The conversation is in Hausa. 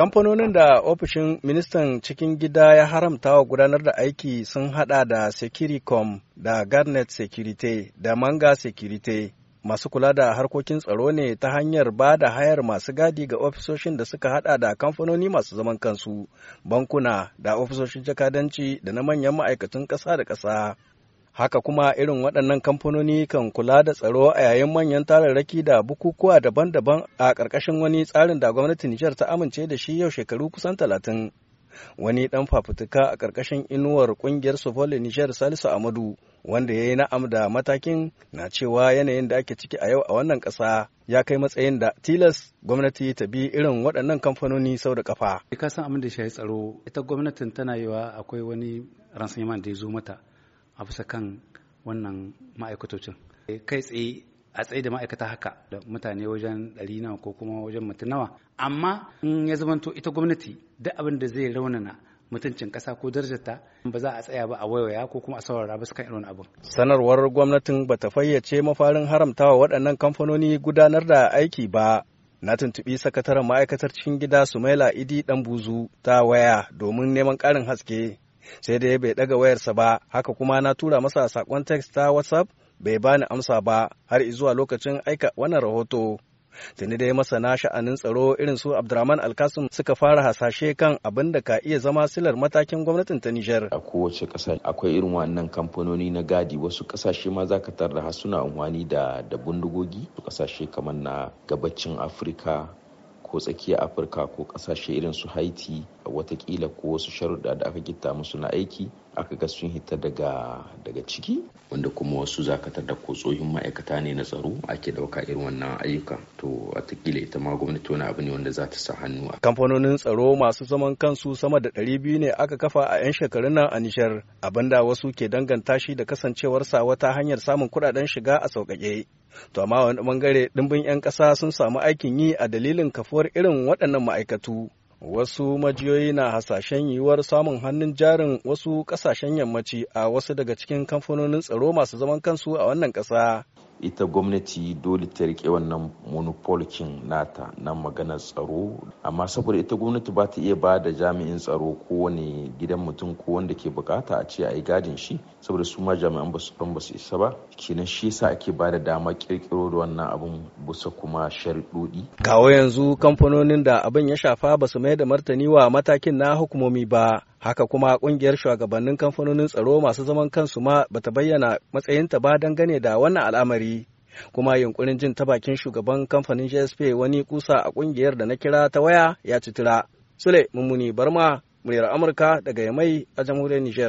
Kamfanonin da ofishin ministan cikin gida ya haramta wa gudanar da aiki sun hada da Securicom da Garnet Security da Manga Security. Masu kula da harkokin tsaro ne ta hanyar ba da hayar masu gadi ga ofisoshin da suka hada da kamfanoni masu zaman kansu, bankuna da ofisoshin jakadanci da na manyan ma'aikatan ƙasa da ƙasa. Haka kuma irin waɗannan kamfanoni kan kula da tsaro a yayin manyan tararraki da bukukuwa daban-daban a ƙarƙashin wani tsarin da gwamnatin Nijar ta amince da shi yau shekaru kusan talatin. Wani ɗan fafutuka a ƙarƙashin inuwar ƙungiyar Sofole Nijar Salisu Amadu wanda ya yi na'am da matakin na cewa yanayin da ake ciki a yau a wannan ƙasa ya kai matsayin da tilas gwamnati ta bi irin waɗannan kamfanoni sau da kafa. Ka san abin da shi tsaro ita gwamnatin tana yiwa akwai wani ransayman da ya zo mata a bisa kan wannan ma'aikatocin eh, kai tsaye a tsaye da ma'aikata haka da mutane wajen ɗari nawa ko kuma wajen mutum nawa amma in ya zamanto ita gwamnati da abin da zai raunana mutuncin ƙasa ko darajarta ba za a tsaya ba a waiwaya ko kuma a saurara ba su kan irin abin. Sanarwar gwamnatin ba ta fayyace mafarin haramtawa waɗannan kamfanoni gudanar da aiki ba. Na tuntubi sakataren ma'aikatar cikin gida Sumaila Idi buzu ta waya domin neman ƙarin haske. sai dai bai ɗaga wayarsa ba haka kuma na tura masa saƙon text ta whatsapp bai bani amsa ba har zuwa lokacin aika wannan rahoto tuni dai masana sha'anin tsaro irin su abdurrahman alkasim suka fara hasashe kan abin da ka iya zama silar matakin gwamnatin ta nijar a kowace ƙasa akwai irin wannan kamfanoni na gadi wasu ƙasashe ma za ka tarda suna unwani da da bindigogi ƙasashe kamar na gabacin afirka ko tsakiyar afirka ko kasashe irin su haiti a watakila ko wasu sharuɗa da aka gitta musu na aiki aka ga sun hita daga ciki wanda kuma wasu zakatar da ko ma'aikata ne na tsaro ake dauka irin wannan ayyuka to a takila ita ma gwamnati wani abu ne wanda za ta sa hannu a kamfanonin tsaro masu zaman kansu sama da ɗari biyu ne aka kafa a 'yan shekarun nan a nishar abinda wasu ke danganta shi da kasancewarsa wata hanyar samun kuɗaɗen shiga a sauƙaƙe to amma wani bangare ɗimbin 'yan ƙasa sun samu aikin yi a dalilin kafuwar irin waɗannan ma'aikatu wasu majiyoyi na hasashen yiwuwar samun hannun jarin wasu kasashen yammaci a wasu daga cikin kamfanonin tsaro masu zaman kansu a wannan ƙasa ita gwamnati dole ta rike wannan monopolkin nata na maganar tsaro amma saboda ita gwamnati ba ta iya ba da jami'in tsaro ko wani gidan mutum ko wanda ke bukata a ce a yi gadin shi saboda su ma jami'an basu su basu isa ba kenan shi yasa ake ba da dama kirkiro da wannan abun busa kuma sharuɗi kawo yanzu kamfanonin da abin ya shafa ba su mai da martani wa matakin na hukumomi ba haka kuma kungiyar shugabannin kamfanonin tsaro masu zaman kansu ma bata bayyana matsayinta ba dangane da wannan al'amari kuma yunkurin jin ta bakin shugaban kamfanin GSP wani kusa a kungiyar da na kira ta waya ya citira. Sule Mummuni Barma, muryar Amurka daga Yamai a jamhuriyar Nijar.